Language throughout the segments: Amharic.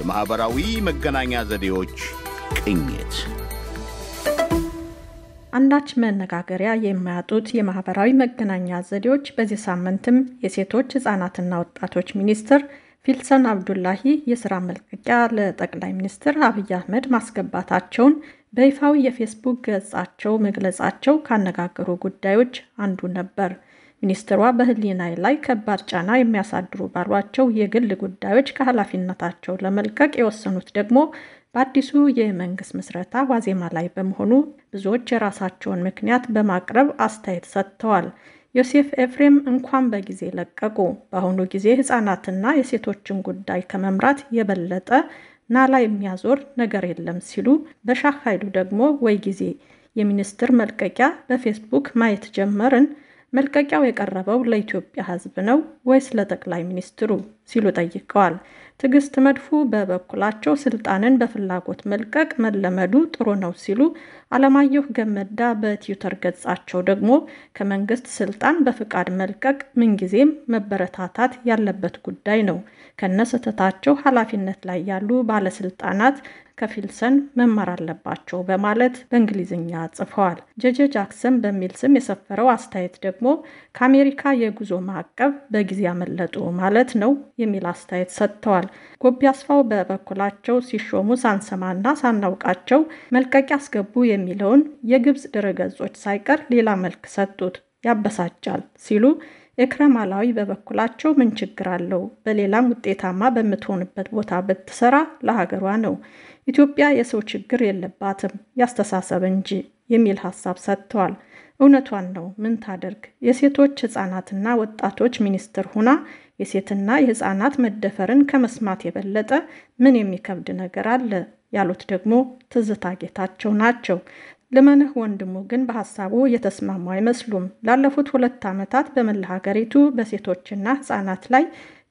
የማኅበራዊ መገናኛ ዘዴዎች ቅኝት። አንዳች መነጋገሪያ የማያጡት የማኅበራዊ መገናኛ ዘዴዎች በዚህ ሳምንትም የሴቶች ሕፃናትና ወጣቶች ሚኒስትር ፊልሰን አብዱላሂ የሥራ መልቀቂያ ለጠቅላይ ሚኒስትር አብይ አህመድ ማስገባታቸውን በይፋዊ የፌስቡክ ገጻቸው መግለጻቸው ካነጋገሩ ጉዳዮች አንዱ ነበር። ሚኒስትሯ በሕሊናዬ ላይ ከባድ ጫና የሚያሳድሩ ባሏቸው የግል ጉዳዮች ከኃላፊነታቸው ለመልቀቅ የወሰኑት ደግሞ በአዲሱ የመንግስት ምስረታ ዋዜማ ላይ በመሆኑ ብዙዎች የራሳቸውን ምክንያት በማቅረብ አስተያየት ሰጥተዋል። ዮሴፍ ኤፍሬም እንኳን በጊዜ ለቀቁ። በአሁኑ ጊዜ ሕፃናትና የሴቶችን ጉዳይ ከመምራት የበለጠ ናላ የሚያዞር ነገር የለም ሲሉ፣ በሻህ ኃይሉ ደግሞ ወይ ጊዜ የሚኒስትር መልቀቂያ በፌስቡክ ማየት ጀመርን መልቀቂያው የቀረበው ለኢትዮጵያ ሕዝብ ነው ወይስ ለጠቅላይ ሚኒስትሩ? ሲሉ ጠይቀዋል። ትዕግስት መድፉ በበኩላቸው ስልጣንን በፍላጎት መልቀቅ መለመዱ ጥሩ ነው ሲሉ፣ አለማየሁ ገመዳ በትዊተር ገጻቸው ደግሞ ከመንግስት ስልጣን በፍቃድ መልቀቅ ምንጊዜም መበረታታት ያለበት ጉዳይ ነው። ከነስህተታቸው ኃላፊነት ላይ ያሉ ባለስልጣናት ከፊልሰን መማር አለባቸው በማለት በእንግሊዝኛ ጽፈዋል። ጀጀ ጃክሰን በሚል ስም የሰፈረው አስተያየት ደግሞ ከአሜሪካ የጉዞ ማዕቀብ በጊዜ ያመለጡ ማለት ነው የሚል አስተያየት ሰጥተዋል። ጎቢ አስፋው በበኩላቸው ሲሾሙ ሳንሰማና ሳናውቃቸው መልቀቅ ያስገቡ የሚለውን የግብፅ ድረገጾች ሳይቀር ሌላ መልክ ሰጡት፣ ያበሳጫል ሲሉ ኤክረም አላዊ በበኩላቸው ምን ችግር አለው? በሌላም ውጤታማ በምትሆንበት ቦታ ብትሰራ ለሀገሯ ነው። ኢትዮጵያ የሰው ችግር የለባትም ያስተሳሰብ እንጂ የሚል ሀሳብ ሰጥተዋል። እውነቷን ነው። ምን ታደርግ? የሴቶች ህጻናትና ወጣቶች ሚኒስትር ሁና የሴትና የህጻናት መደፈርን ከመስማት የበለጠ ምን የሚከብድ ነገር አለ? ያሉት ደግሞ ትዝታ ጌታቸው ናቸው። ልመንህ ወንድሙ ግን በሀሳቡ የተስማሙ አይመስሉም። ላለፉት ሁለት ዓመታት በመላ ሀገሪቱ በሴቶችና ህጻናት ላይ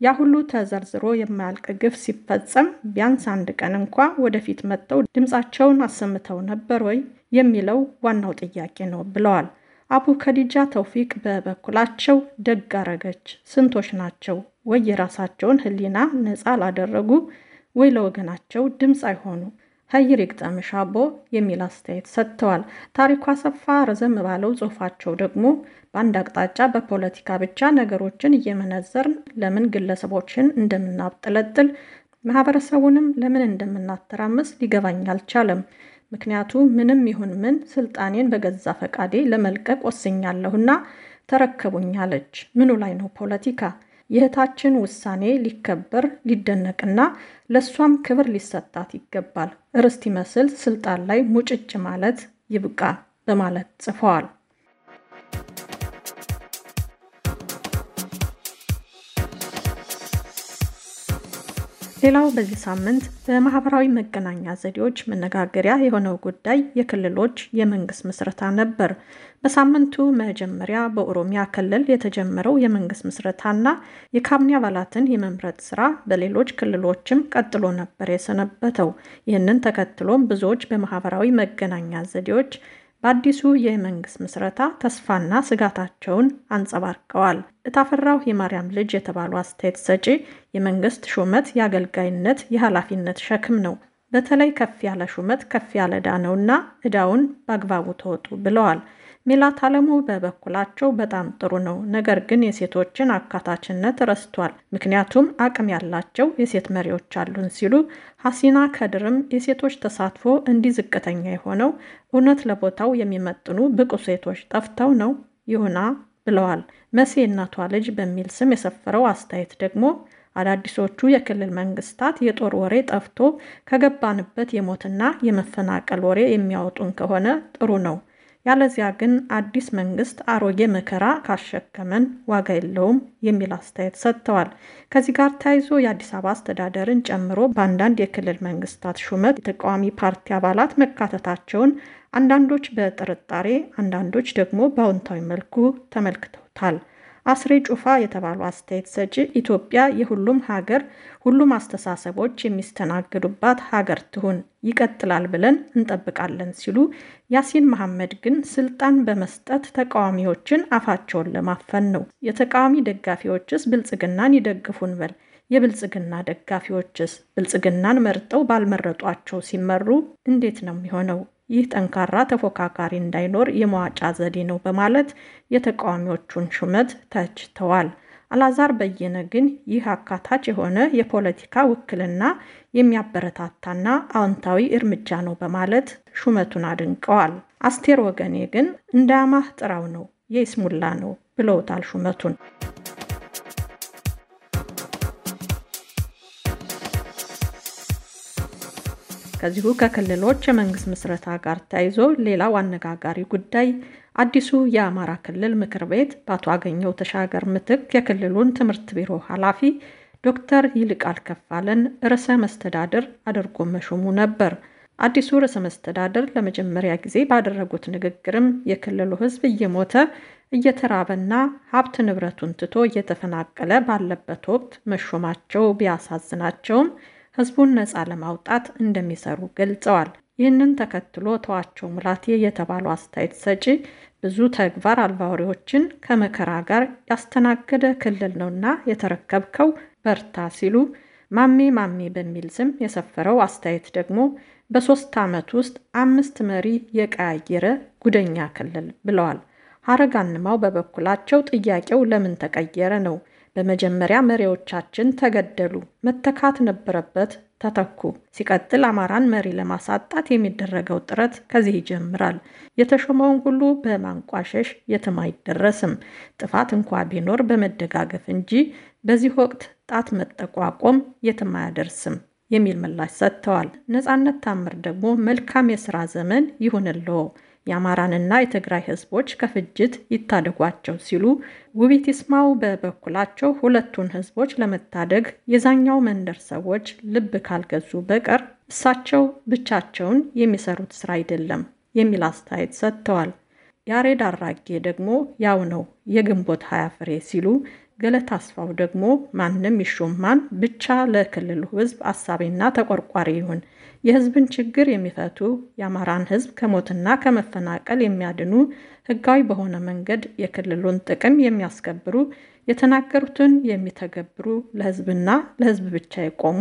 ያ ሁሉ ተዘርዝሮ የማያልቅ ግፍ ሲፈጸም ቢያንስ አንድ ቀን እንኳ ወደፊት መጥተው ድምፃቸውን አሰምተው ነበር ወይ የሚለው ዋናው ጥያቄ ነው ብለዋል። አቡ ከዲጃ ተውፊቅ በበኩላቸው ደግ አረገች፣ ስንቶች ናቸው ወይ የራሳቸውን ሕሊና ነፃ ላደረጉ ወይ ለወገናቸው ድምፅ አይሆኑ ሀይር ይግጠምሽ አቦ የሚል አስተያየት ሰጥተዋል። ታሪኩ አሰፋ ረዘም ባለው ጽሁፋቸው ደግሞ በአንድ አቅጣጫ በፖለቲካ ብቻ ነገሮችን እየመነዘርን ለምን ግለሰቦችን እንደምናብጠለጥል ማህበረሰቡንም ለምን እንደምናተራምስ ሊገባኝ አልቻለም። ምክንያቱ ምንም ይሁን ምን ስልጣኔን በገዛ ፈቃዴ ለመልቀቅ ወስኛለሁና ተረከቡኝ አለች። ምኑ ላይ ነው ፖለቲካ? የእህታችን ውሳኔ ሊከበር ሊደነቅና ለእሷም ክብር ሊሰጣት ይገባል። ርስት ይመስል ስልጣን ላይ ሙጭጭ ማለት ይብቃ በማለት ጽፈዋል። ሌላው በዚህ ሳምንት በማህበራዊ መገናኛ ዘዴዎች መነጋገሪያ የሆነው ጉዳይ የክልሎች የመንግስት ምስረታ ነበር። በሳምንቱ መጀመሪያ በኦሮሚያ ክልል የተጀመረው የመንግስት ምስረታና የካቢኔ አባላትን የመምረጥ ስራ በሌሎች ክልሎችም ቀጥሎ ነበር የሰነበተው። ይህንን ተከትሎም ብዙዎች በማህበራዊ መገናኛ ዘዴዎች በአዲሱ የመንግስት ምስረታ ተስፋና ስጋታቸውን አንጸባርቀዋል። እታፈራው የማርያም ልጅ የተባሉ አስተያየት ሰጪ የመንግስት ሹመት የአገልጋይነት የኃላፊነት ሸክም ነው፣ በተለይ ከፍ ያለ ሹመት ከፍ ያለ ዕዳ ነውና ዕዳውን በአግባቡ ተወጡ ብለዋል። ሚላት አለሙ በበኩላቸው በጣም ጥሩ ነው፣ ነገር ግን የሴቶችን አካታችነት ረስቷል፣ ምክንያቱም አቅም ያላቸው የሴት መሪዎች አሉን ሲሉ ሀሲና ከድርም የሴቶች ተሳትፎ እንዲህ ዝቅተኛ የሆነው እውነት ለቦታው የሚመጥኑ ብቁ ሴቶች ጠፍተው ነው ይሁና ብለዋል። መሴ እናቷ ልጅ በሚል ስም የሰፈረው አስተያየት ደግሞ አዳዲሶቹ የክልል መንግስታት የጦር ወሬ ጠፍቶ ከገባንበት የሞትና የመፈናቀል ወሬ የሚያወጡን ከሆነ ጥሩ ነው ያለዚያ ግን አዲስ መንግስት አሮጌ መከራ ካሸከመን ዋጋ የለውም የሚል አስተያየት ሰጥተዋል። ከዚህ ጋር ተያይዞ የአዲስ አበባ አስተዳደርን ጨምሮ በአንዳንድ የክልል መንግስታት ሹመት የተቃዋሚ ፓርቲ አባላት መካተታቸውን አንዳንዶች በጥርጣሬ አንዳንዶች ደግሞ በአዎንታዊ መልኩ ተመልክተውታል። አስሬ ጩፋ የተባሉ አስተያየት ሰጪ ኢትዮጵያ የሁሉም ሀገር ሁሉም አስተሳሰቦች የሚስተናግዱባት ሀገር ትሁን ይቀጥላል ብለን እንጠብቃለን ሲሉ፣ ያሲን መሐመድ ግን ስልጣን በመስጠት ተቃዋሚዎችን አፋቸውን ለማፈን ነው። የተቃዋሚ ደጋፊዎችስ ብልጽግናን ይደግፉን በል የብልጽግና ደጋፊዎችስ ብልጽግናን መርጠው ባልመረጧቸው ሲመሩ እንዴት ነው የሚሆነው? ይህ ጠንካራ ተፎካካሪ እንዳይኖር የመዋጫ ዘዴ ነው በማለት የተቃዋሚዎቹን ሹመት ተችተዋል። አላዛር በየነ ግን ይህ አካታች የሆነ የፖለቲካ ውክልና የሚያበረታታና አዎንታዊ እርምጃ ነው በማለት ሹመቱን አድንቀዋል። አስቴር ወገኔ ግን አማህ ጥራው ነው የይስሙላ ነው ብለውታል ሹመቱን። ከዚሁ ከክልሎች የመንግስት ምስረታ ጋር ተያይዞ ሌላው አነጋጋሪ ጉዳይ አዲሱ የአማራ ክልል ምክር ቤት በአቶ አገኘው ተሻገር ምትክ የክልሉን ትምህርት ቢሮ ኃላፊ ዶክተር ይልቃል ከፋለን ርዕሰ መስተዳድር አድርጎ መሾሙ ነበር። አዲሱ ርዕሰ መስተዳድር ለመጀመሪያ ጊዜ ባደረጉት ንግግርም የክልሉ ሕዝብ እየሞተ እየተራበና ሀብት ንብረቱን ትቶ እየተፈናቀለ ባለበት ወቅት መሾማቸው ቢያሳዝናቸውም ህዝቡን ነፃ ለማውጣት እንደሚሰሩ ገልጸዋል። ይህንን ተከትሎ ተዋቸው ሙላቴ የተባለው አስተያየት ሰጪ ብዙ ተግባር አልባውሪዎችን ከመከራ ጋር ያስተናገደ ክልል ነውና የተረከብከው በርታ ሲሉ ማሜ ማሜ በሚል ስም የሰፈረው አስተያየት ደግሞ በሶስት ዓመት ውስጥ አምስት መሪ የቀያየረ ጉደኛ ክልል ብለዋል። ሀረግ በበኩላቸው ጥያቄው ለምን ተቀየረ ነው። በመጀመሪያ መሪዎቻችን ተገደሉ፣ መተካት ነበረበት፣ ተተኩ። ሲቀጥል አማራን መሪ ለማሳጣት የሚደረገው ጥረት ከዚህ ይጀምራል። የተሾመውን ሁሉ በማንቋሸሽ የትም አይደረስም። ጥፋት እንኳ ቢኖር በመደጋገፍ እንጂ በዚህ ወቅት ጣት መጠቋቆም የትም አያደርስም። የሚል ምላሽ ሰጥተዋል። ነጻነት ታምር ደግሞ መልካም የስራ ዘመን ይሁንልዎ፣ የአማራንና የትግራይ ህዝቦች ከፍጅት ይታደጓቸው ሲሉ፣ ውቢት ይስማው በበኩላቸው ሁለቱን ህዝቦች ለመታደግ የዛኛው መንደር ሰዎች ልብ ካልገዙ በቀር እሳቸው ብቻቸውን የሚሰሩት ስራ አይደለም የሚል አስተያየት ሰጥተዋል። ያሬድ አራጌ ደግሞ ያው ነው የግንቦት ሀያ ፍሬ ሲሉ ገለታ አስፋው ደግሞ ማንም ይሾማን ማን ብቻ ለክልሉ ህዝብ አሳቢና ተቆርቋሪ ይሁን፣ የህዝብን ችግር የሚፈቱ የአማራን ህዝብ ከሞትና ከመፈናቀል የሚያድኑ ህጋዊ በሆነ መንገድ የክልሉን ጥቅም የሚያስከብሩ የተናገሩትን የሚተገብሩ ለህዝብና ለህዝብ ብቻ የቆሙ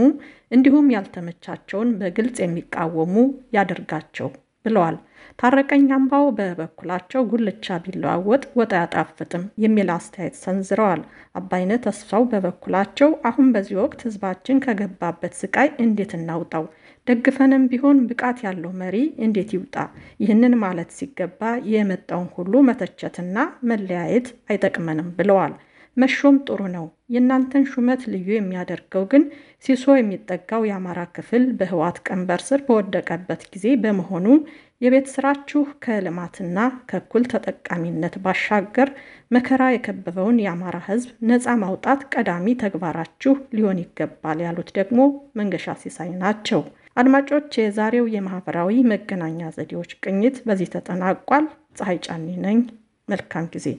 እንዲሁም ያልተመቻቸውን በግልጽ የሚቃወሙ ያደርጋቸው። ብለዋል። ታረቀኝ አምባው በበኩላቸው ጉልቻ ቢለዋወጥ ወጥ አያጣፍጥም የሚል አስተያየት ሰንዝረዋል። አባይነ ተስፋው በበኩላቸው አሁን በዚህ ወቅት ሕዝባችን ከገባበት ስቃይ እንዴት እናውጣው? ደግፈንም ቢሆን ብቃት ያለው መሪ እንዴት ይውጣ? ይህንን ማለት ሲገባ የመጣውን ሁሉ መተቸትና መለያየት አይጠቅመንም ብለዋል። መሾም ጥሩ ነው። የእናንተን ሹመት ልዩ የሚያደርገው ግን ሲሶ የሚጠጋው የአማራ ክፍል በህወሓት ቀንበር ስር በወደቀበት ጊዜ በመሆኑ የቤት ስራችሁ ከልማትና ከእኩል ተጠቃሚነት ባሻገር መከራ የከበበውን የአማራ ሕዝብ ነፃ ማውጣት ቀዳሚ ተግባራችሁ ሊሆን ይገባል ያሉት ደግሞ መንገሻ ሲሳይ ናቸው። አድማጮች፣ የዛሬው የማህበራዊ መገናኛ ዘዴዎች ቅኝት በዚህ ተጠናቋል። ፀሐይ ጫኒ ነኝ። መልካም ጊዜ